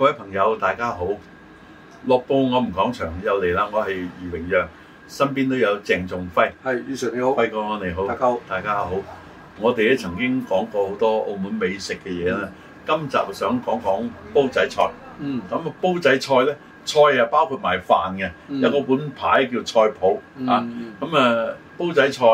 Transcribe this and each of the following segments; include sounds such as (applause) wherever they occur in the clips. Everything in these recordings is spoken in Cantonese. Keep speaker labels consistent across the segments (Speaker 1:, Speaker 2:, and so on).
Speaker 1: 各位朋友，大家好！樂報我們講場又嚟啦，我係余榮陽，身邊都有鄭仲輝，係余 Sir 你好，輝哥你好，大家好，大家好。我哋咧曾經講過好多澳門美食嘅嘢啦，嗯、今集想講講煲仔菜。嗯，咁啊煲仔菜咧，菜啊包括埋飯嘅，嗯、有個本牌叫菜譜。嗯、啊，咁啊煲仔菜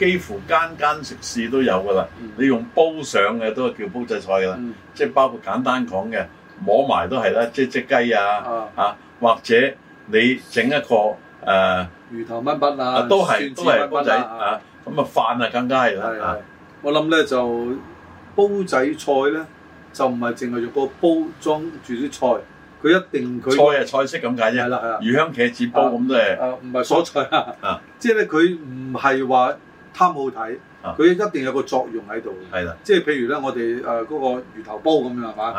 Speaker 1: 幾乎每間每間食肆都有噶啦。嗯、你用煲上嘅都係叫煲仔菜噶啦，即係、嗯、包括簡單講嘅。摸埋都係啦，即係隻雞啊嚇，或者你整一個誒魚頭炆骨啊，都係都係煲仔啊。
Speaker 2: 咁啊飯啊更加係啦。我諗咧就煲仔菜咧，就唔係淨係用個煲裝住啲菜，佢一定佢菜係菜式咁解啫。魚香茄子煲咁都係。啊，唔係蔬菜啊。啊，即係咧佢唔係話貪好睇，佢一定有個作用喺度。係啦，即係譬如咧，我哋誒嗰個魚頭煲咁樣係嘛？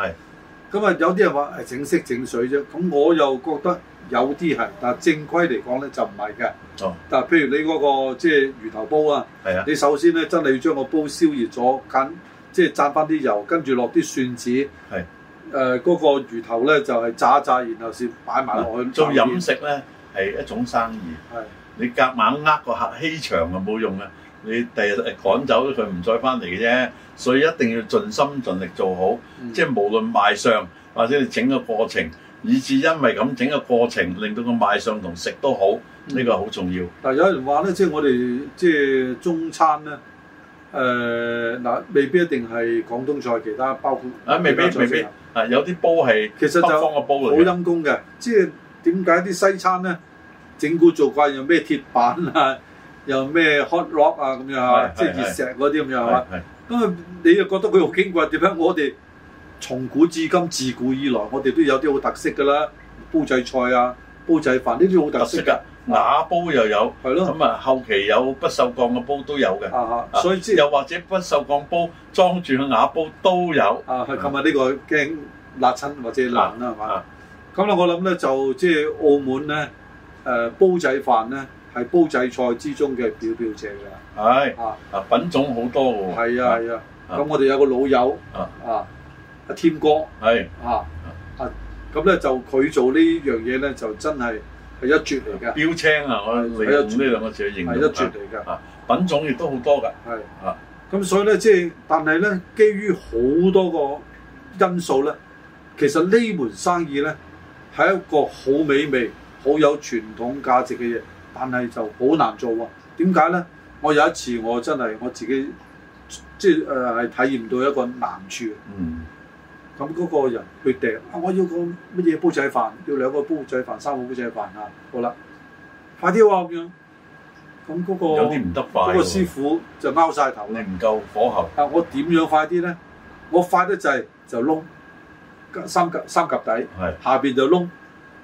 Speaker 2: 咁啊，有啲人話係、哎、整色整水啫，咁我又覺得有啲係，但係正規嚟講咧就唔係嘅。哦，但係譬如你嗰、那個即係、就是、魚頭煲啊，係啊，你首先咧真係要將個煲燒熱咗，緊即係炸翻啲油，跟住落啲蒜子，係是，誒嗰、呃那個魚頭咧就係、是、炸炸，然後先擺埋落去。做飲食咧係一種生意，係是，你夾硬呃個客
Speaker 1: 欺場啊冇用啊！你第日趕走咗佢，唔再翻嚟嘅啫，所以一定要盡心盡力做好，嗯、即係無論賣相或者你整個過程，以至因為咁整個過程令到個賣相同食都好，呢、嗯、個好重要。
Speaker 2: 但係有人話咧，即係我哋即係中餐咧，誒、呃、嗱，未必一定係廣東菜，其他包括啊，未必未必係有啲煲係，其實就煲好陰功嘅。即係點解啲西餐咧整蠱做怪有咩鐵板啊？又咩 hot rock 啊咁樣啊，即係熱石嗰啲咁樣係嘛？咁你又覺得佢好矜貴點樣？我哋從古至今，自古以來，我哋都有啲好特色㗎啦，煲仔菜啊，煲仔飯呢啲好特色㗎。瓦煲又有，係咯。咁啊，後期有不鏽鋼嘅煲都有嘅。所以即係又或者不鏽鋼煲裝住個瓦煲都有。啊，咁啊，呢個驚辣親或者燂啦係嘛？咁啦，我諗咧就即係澳門咧誒煲仔飯咧。係煲仔菜之中嘅表表姐啦，係啊，啊，品種好多㗎，係啊係啊。咁我哋有個老友係啊，阿天哥，係啊，啊，啊，咁咧就佢、是、做樣呢樣嘢咧，就真係係一絕嚟嘅，標青啊，我哋呢兩個字嚟形容係一絕嚟㗎，啊，品種亦都好多㗎，係啊。咁所以咧，即係，但係咧，基於好多個因素咧，其實呢門生意咧，係一個好美味、好有傳統價值嘅嘢。但係就好難做喎，點解咧？我有一次我真係我自己即係誒係體驗到一個難處。嗯。咁嗰個人去訂啊，我要個乜嘢煲仔飯？要兩個煲仔飯、三個煲仔飯啊！好啦，快啲咁樣。咁、嗯、嗰、嗰個有啲唔得快喎。嗰個師傅就拗晒頭。你唔夠火候。啊！我點樣快啲咧？我快得滯就燶三三及底，是下邊就燶，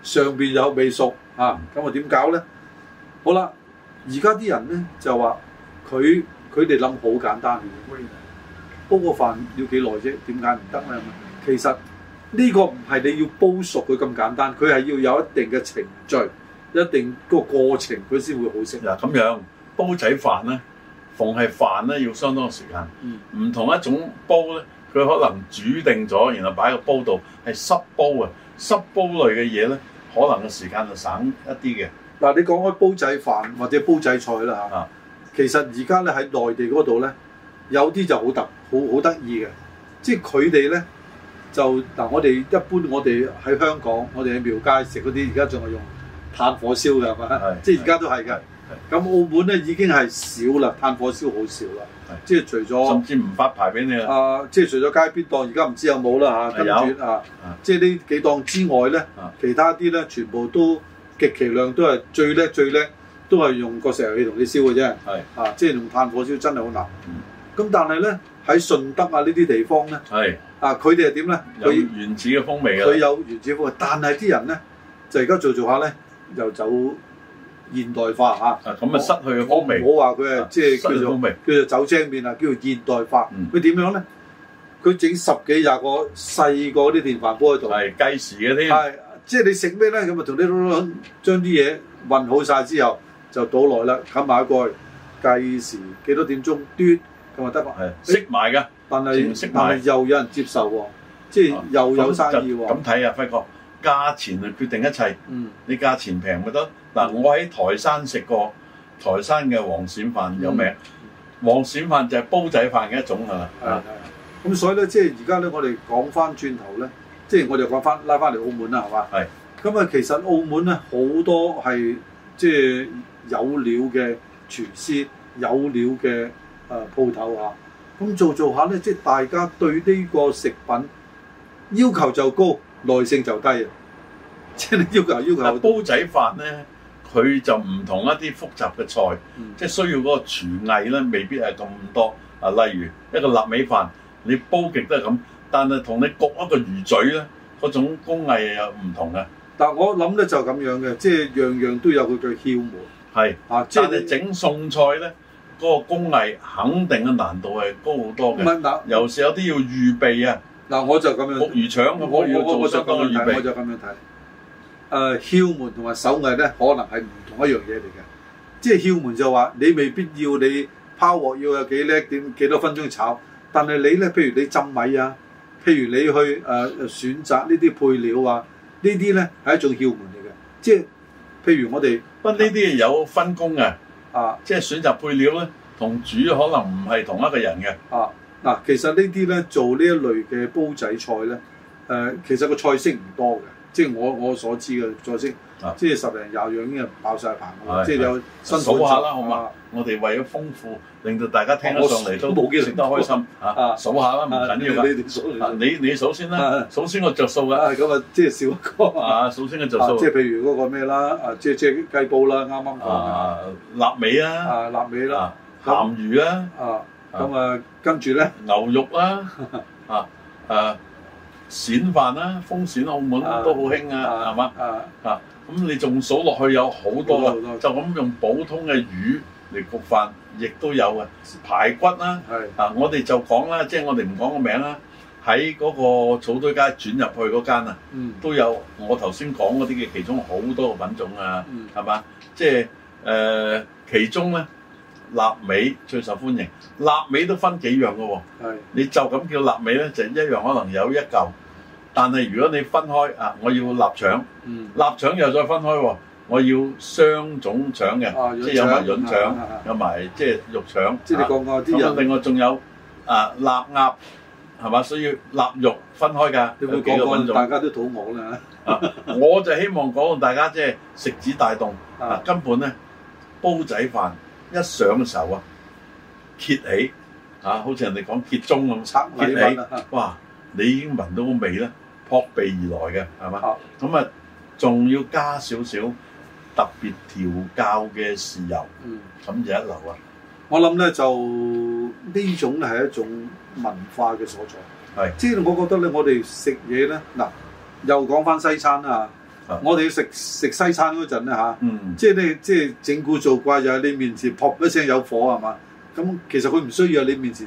Speaker 2: 上邊有未熟嚇。咁、啊、我點搞咧？好啦，而家啲人咧就話佢佢哋諗好簡單，煲個飯要幾耐啫？點解唔得咧？其實呢個唔係你要煲熟佢咁簡單，佢係要有一定嘅程序，一定個過程佢先會好食。嗱，咁樣
Speaker 1: 煲仔飯咧，逢係飯咧，要相當時間，唔同一種煲咧，佢可能煮定咗，然後擺喺個煲度，係濕煲啊，濕煲類嘅嘢咧，
Speaker 2: 可能嘅時間就省一啲嘅。嗱，你講開煲仔飯或者煲仔菜啦嚇，其實而家咧喺內地嗰度咧，有啲就好特好好得意嘅，即係佢哋咧就嗱、啊，我哋一般我哋喺香港，我哋喺廟街食嗰啲，而家仲係用炭火燒嘅，係咪啊？即係而家都係嘅。咁澳門咧已經係少啦，炭火燒好少啦。是即係除咗甚至唔發牌俾你啊！即係除咗街邊檔，而家唔知有冇啦嚇。跟住有啊，啊即係呢幾檔之外咧，其他啲咧全部都。極其量都係最叻最叻，都係用個石油氣同你燒嘅啫。係啊，即係用炭火燒真係好難。咁但係咧喺順德啊呢啲地方咧，啊佢哋係點咧？佢有原始嘅風味啦。佢有原始風味，但係啲人咧就而家做做下咧，又走現代化啊。咁啊，失去嘅風味。我話佢係即係叫做叫做走精面啊，叫做現代化。佢點樣咧？佢整十幾廿個細個啲電飯煲喺度，係計時嘅添。即係你食咩咧？咁啊，同你攞將啲嘢運好晒之後，就倒耐啦，冚埋個蓋，計時幾多點鐘端，咁啊得㗎。係，識埋
Speaker 1: 㗎。但係但係唔識埋又有人接受喎，即係又有生意喎。咁睇啊，輝哥，價錢啊決定一切。嗯。你價錢平咪得嗱？我喺台山食過台山嘅黃鱔飯，有咩？黃鱔飯就係煲仔飯嘅一種啊。係係。
Speaker 2: 咁所以咧，即係而家咧，我哋講翻轉頭咧。即係我哋講翻拉翻嚟澳門啦，係嘛？係是。咁啊，其實澳門咧好多係即係有料嘅廚師，有料嘅誒鋪頭嚇。咁、嗯、做一做一下咧，即係大家對呢個食品要求就高，耐性就低。即係你要求要求。要求煲仔飯咧，佢就唔同一啲複雜嘅菜，嗯、即係
Speaker 1: 需要嗰個廚藝咧，未必係咁多。啊，例如一個臘味飯，你煲極都係咁。但係同你焗一個魚嘴咧，嗰種工藝又唔同嘅。但係我諗咧就係咁樣嘅，即係樣樣都有佢嘅竅門。係是，啊、但係整餸菜咧，嗰你個工藝肯定嘅難度係高好多嘅。有時但有啲要預
Speaker 2: 備啊！嗱但，我就咁樣焗魚腸，我我我，做術 我，我就咁樣睇。我我就咁樣睇。誒、啊，竅門同埋手藝咧，可能係唔同一樣嘢嚟嘅。即係竅門就話你未必要你拋鑊要有幾叻，點幾多分鐘炒。但係你咧，譬如你浸米啊。譬如你去誒、呃、選擇呢啲配料啊，呢啲咧係一種竅門嚟嘅，即係譬如我哋不呢啲有分工嘅啊，啊即係選
Speaker 1: 擇配料咧同煮可能唔係同一個人嘅
Speaker 2: 啊。嗱、啊，其實呢啲咧做呢一類嘅煲仔菜咧。誒，其實個菜式唔多嘅，即係我我所知嘅菜式，即係十零廿樣已經爆晒棚，即係有新。數下啦，好嘛？
Speaker 1: 我哋為咗豐富，令到大家聽得上嚟都食得開心嚇。數下啦，唔緊要。你你數先啦，數先我着數㗎。咁啊，即係少一個。數先個着數。即係
Speaker 2: 譬如嗰個咩啦？啊，即即雞煲啦，啱啱講嘅。臘味啊！臘味啦，鹹魚啊。咁啊，跟住咧，牛肉啦。
Speaker 1: 啊啊！鱔飯啦，風鱔喺澳門都好興啊，係嘛？啊，咁吧、啊、你仲數落去有好多嘅，哦、就咁用普通嘅魚嚟焗飯，亦都有嘅排骨啦。係啊，我哋就講啦，即、就、係、是、我哋唔講個名啦，喺嗰個草堆街轉入去嗰間啊，嗯、都有我頭先講嗰啲嘅其中好多個品種啊，係嘛、嗯？即係誒，其中咧。臘味最受歡迎，臘味都分幾樣嘅喎、哦。是的 你就咁叫臘味咧，就一樣可能有一嚿。但係如果你分開啊，我要臘腸，臘腸又再分開喎、哦。我要雙種腸嘅，即係有埋潤腸，有埋即係肉腸。即係你講講啲人，另外仲有啊臘鴨係嘛，所以臘肉分開㗎。你講講大家
Speaker 2: 都肚餓啦
Speaker 1: (laughs) 我就希望講大家即係、就是、食指大動嗱，的的根本咧煲仔飯。一上手啊，揭起啊，好似人哋講揭盅咁，揭起哇，你已經聞到個味啦，撲鼻而來嘅，係嘛？咁啊，仲要加少少特別調教嘅豉油，咁、嗯、就一流
Speaker 2: 啊。我諗咧就呢種係一種文化嘅所在。係，即係我覺得咧，我哋食嘢咧，嗱，又講翻西餐啊。 (noise) 我哋要食食西餐嗰陣咧嚇，啊嗯、即係咧即係整蠱做怪，就喺你面前 pop 一聲有火係嘛？咁其實佢唔需要喺你面前，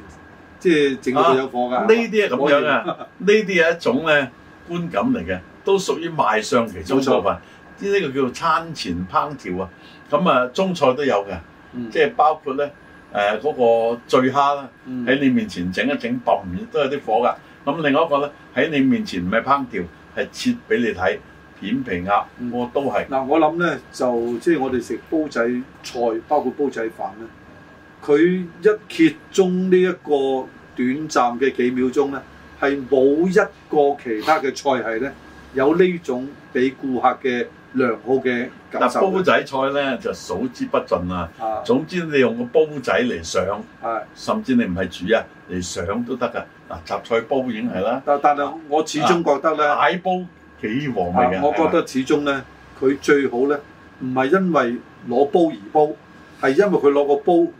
Speaker 2: 即係整到有火㗎。呢啲係咁樣啊！呢啲係一種咧觀感嚟嘅，都屬於賣相其中一部
Speaker 1: 分。呢個菜叫做餐前烹調啊！咁啊，中菜都有嘅，即係、嗯、包括咧誒嗰個醉蝦啦，喺、嗯、你面前整一整冚面都有啲火㗎。咁另外一個咧喺你面前唔係烹調，係切俾你睇。扁皮鴨，
Speaker 2: 我都係。嗱，我諗咧，就即係我哋食煲仔菜，包括煲仔飯咧，佢一揭盅呢一個短暫嘅幾秒鐘咧，係冇一個其他嘅菜系咧，有呢種俾顧客嘅良好嘅。但煲仔菜咧就數之不盡啦。啊的，總之你
Speaker 1: 用個煲仔嚟上，係的，甚至你唔係煮啊嚟上都得㗎。嗱，雜菜
Speaker 2: 煲已經係啦。但但係我始終覺得咧，矮、啊、煲。幾和味嘅，我覺得始終咧，佢吧最好咧，唔係因為攞煲而煲，係因為佢攞個煲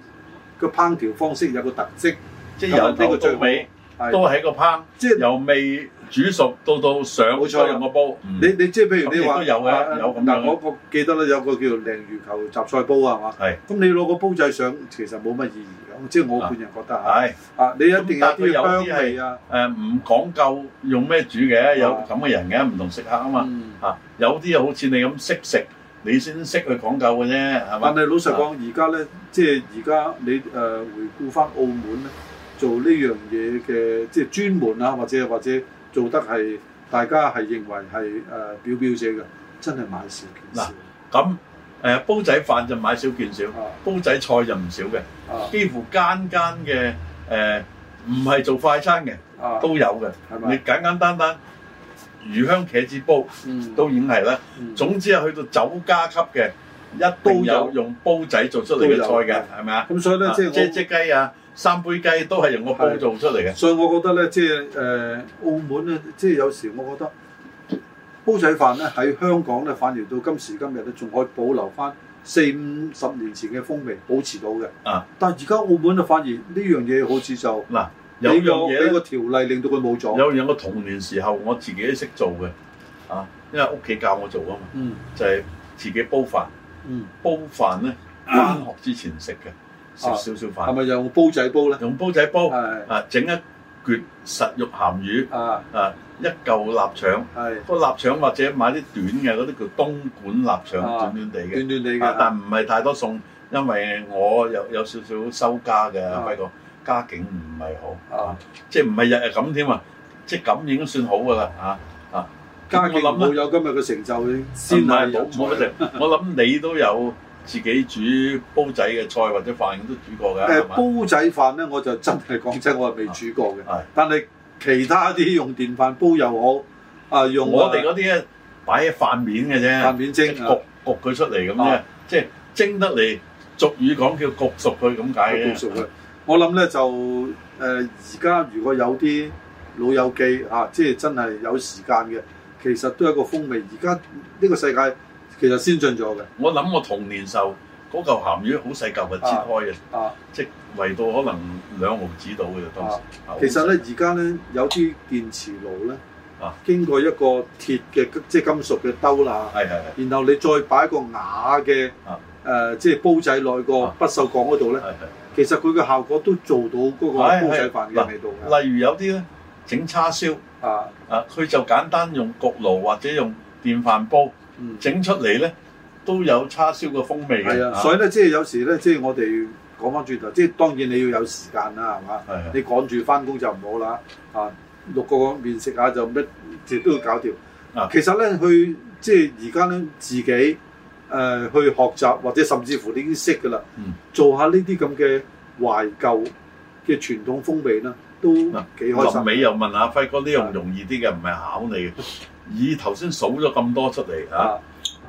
Speaker 2: 個烹調方式有個特色，即係由呢個最尾都係一個
Speaker 1: 烹，的即係是由味。煮熟到到上好菜，用個煲，你你即係譬如你話有咁，但係我個
Speaker 2: 記得啦，有個叫鯪魚球雜菜煲啊嘛。係。咁你攞個煲仔上，其實冇乜意義嘅，即係我個人覺得嚇。係。啊，你一定有啲香味啊。誒，
Speaker 1: 唔講究用咩煮嘅，有咁嘅人嘅，唔同食客啊嘛。嚇，有啲啊，好似你咁識食，你先識去講究嘅啫，係嘛？但係老實講，而
Speaker 2: 家咧，即係而家你誒回顧返澳門咧，做呢樣嘢嘅，即係專門啊，或者或者。做得係大家係認為係誒表表寫嘅，真係買少件。嗱，咁誒煲仔飯就買少見少，啊啊、煲仔菜就唔
Speaker 1: 少嘅，幾乎間間嘅誒唔係做快餐嘅、啊、都有嘅，吧你簡簡單單魚香茄子煲、嗯、都已經係啦。嗯、總之係去到酒家級嘅一定有、嗯嗯、用煲仔做出嚟嘅菜嘅，係、嗯、咪、嗯嗯嗯、G 2 啊？
Speaker 2: 咁所以咧，即即雞啊。三杯雞都係用個煲做出嚟嘅，所以我覺得咧，即係誒、呃、澳門咧，即係有時我覺得煲仔飯咧喺香港咧，反而到今時今日咧，仲可以保留翻四五十年前嘅風味，保持到嘅。啊！但係而家澳門就反而就、啊、呢樣嘢好似就嗱有樣嘢呢個條例令到
Speaker 1: 佢冇咗。有有個童年時候，我自己都識做嘅啊，因為屋企教我做啊嘛，嗯、就係自己煲飯。嗯，煲飯咧，翻、啊、學之前食嘅。少少少飯，係咪用煲仔煲咧？用煲仔煲，啊整一撅實肉鹹魚，啊一嚿臘腸，個臘腸或者買啲短嘅嗰啲叫東莞臘腸，短短地嘅，短短地嘅，但唔係太多餸，因為我有有少少收家嘅輝哥，家境唔係好，即係唔係日日咁添啊？即係咁已經算好噶啦嚇啊！家境我諗冇
Speaker 2: 有今日嘅成就
Speaker 1: 先係冇錯，我諗你都有。自己煮煲仔嘅菜或者飯都煮過嘅，誒煲
Speaker 2: 仔飯咧 (laughs) 我就真係講真，我係未煮過嘅。係、啊，但係其他啲用電飯煲又好，啊用我哋嗰啲咧擺喺飯面嘅啫，飯
Speaker 1: 面蒸焗焗佢出嚟咁啫，啊、即係蒸得嚟俗語講叫焗熟
Speaker 2: 佢咁解焗熟佢，我諗咧就誒而家如果有啲老友記嚇、啊，即係真係有時間嘅，其實都係一個風味。而家呢個世界。其實先進咗嘅。
Speaker 1: 我諗我童年時候嗰嚿鹹魚好細嚿，嘅，切開嘅，啊、即係圍到可能兩毫子到嘅。當時、啊啊、其實咧，而
Speaker 2: 家咧有啲電磁爐咧，啊、經過一個鐵嘅即係金屬嘅兜啦，然後你再擺個瓦嘅誒即係煲仔內個不鏽鋼嗰度咧，其實佢嘅效果都做到嗰個煲仔飯嘅味道嘅。例如有啲咧
Speaker 1: 整叉燒，燒，啊佢、啊啊啊啊、就簡單用焗爐，爐或者用電飯煲。整出嚟咧都有叉燒嘅風味嘅，啊啊、所以咧
Speaker 2: 即係有時咧即係我哋講翻轉頭，即、就、係、是、當然你要有時間啦，係嘛、啊？你趕住翻工就唔好啦，啊，六個，個麵食下就咩，亦都要搞掂。啊、其實咧去即係而家咧自己誒、呃、去學習或者甚至乎你已經識噶啦，嗯、做下呢啲咁嘅懷舊嘅傳統風味咧，都幾開心。尾、啊、又問
Speaker 1: 阿輝、啊、哥呢樣容易啲嘅，唔係、啊、考你嘅。以頭先數咗咁多出嚟嚇，啊、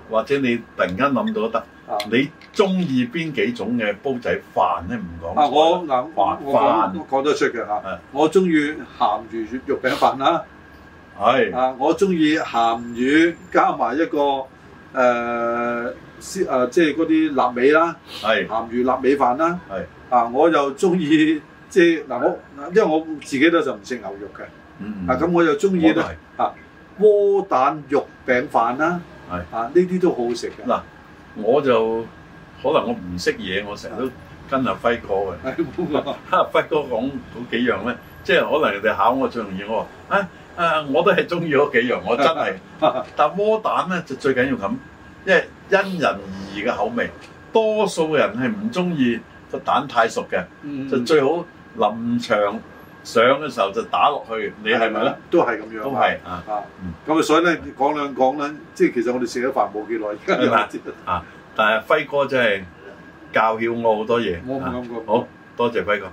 Speaker 1: 或者你突然間諗到都得。你中意邊幾種嘅煲仔飯咧？唔講啊，我嗱
Speaker 2: 我講得出嘅嚇。啊、我中意鹹魚肉餅飯啦，係是啊！我中意鹹魚加埋一個誒、呃、鮮誒，即係啲臘味啦，係鹹魚臘味飯啦，係是啊！是我又中意即係嗱我，因為我自己咧就唔食牛肉嘅，就啊咁我又中意咧嚇。窩蛋肉餅飯啦、啊，係的啊，呢啲都好好食嘅。嗱，我就可能我唔識嘢，我成日都跟
Speaker 1: 阿輝哥嘅。阿輝 (laughs) (laughs) 哥講嗰幾樣咧，即係可能人哋考我最容易，我話啊啊，我都係中意嗰幾樣，我真係。 (laughs) 但窩蛋咧就最緊要咁，因為因人而異嘅口味，多數人係唔中意個蛋太熟嘅，嗯、就最好臨場。上嘅時候就打落去，你係咪咧？都
Speaker 2: 係咁樣。都係是啊啊！咁啊，啊嗯、所以咧講兩講咧，即係其實我哋食咗飯冇幾耐，而家吧 (laughs) 啊！但
Speaker 1: 係輝哥真係
Speaker 2: 教曉我好多嘢。我
Speaker 1: 唔敢講。好、啊啊、多謝輝哥。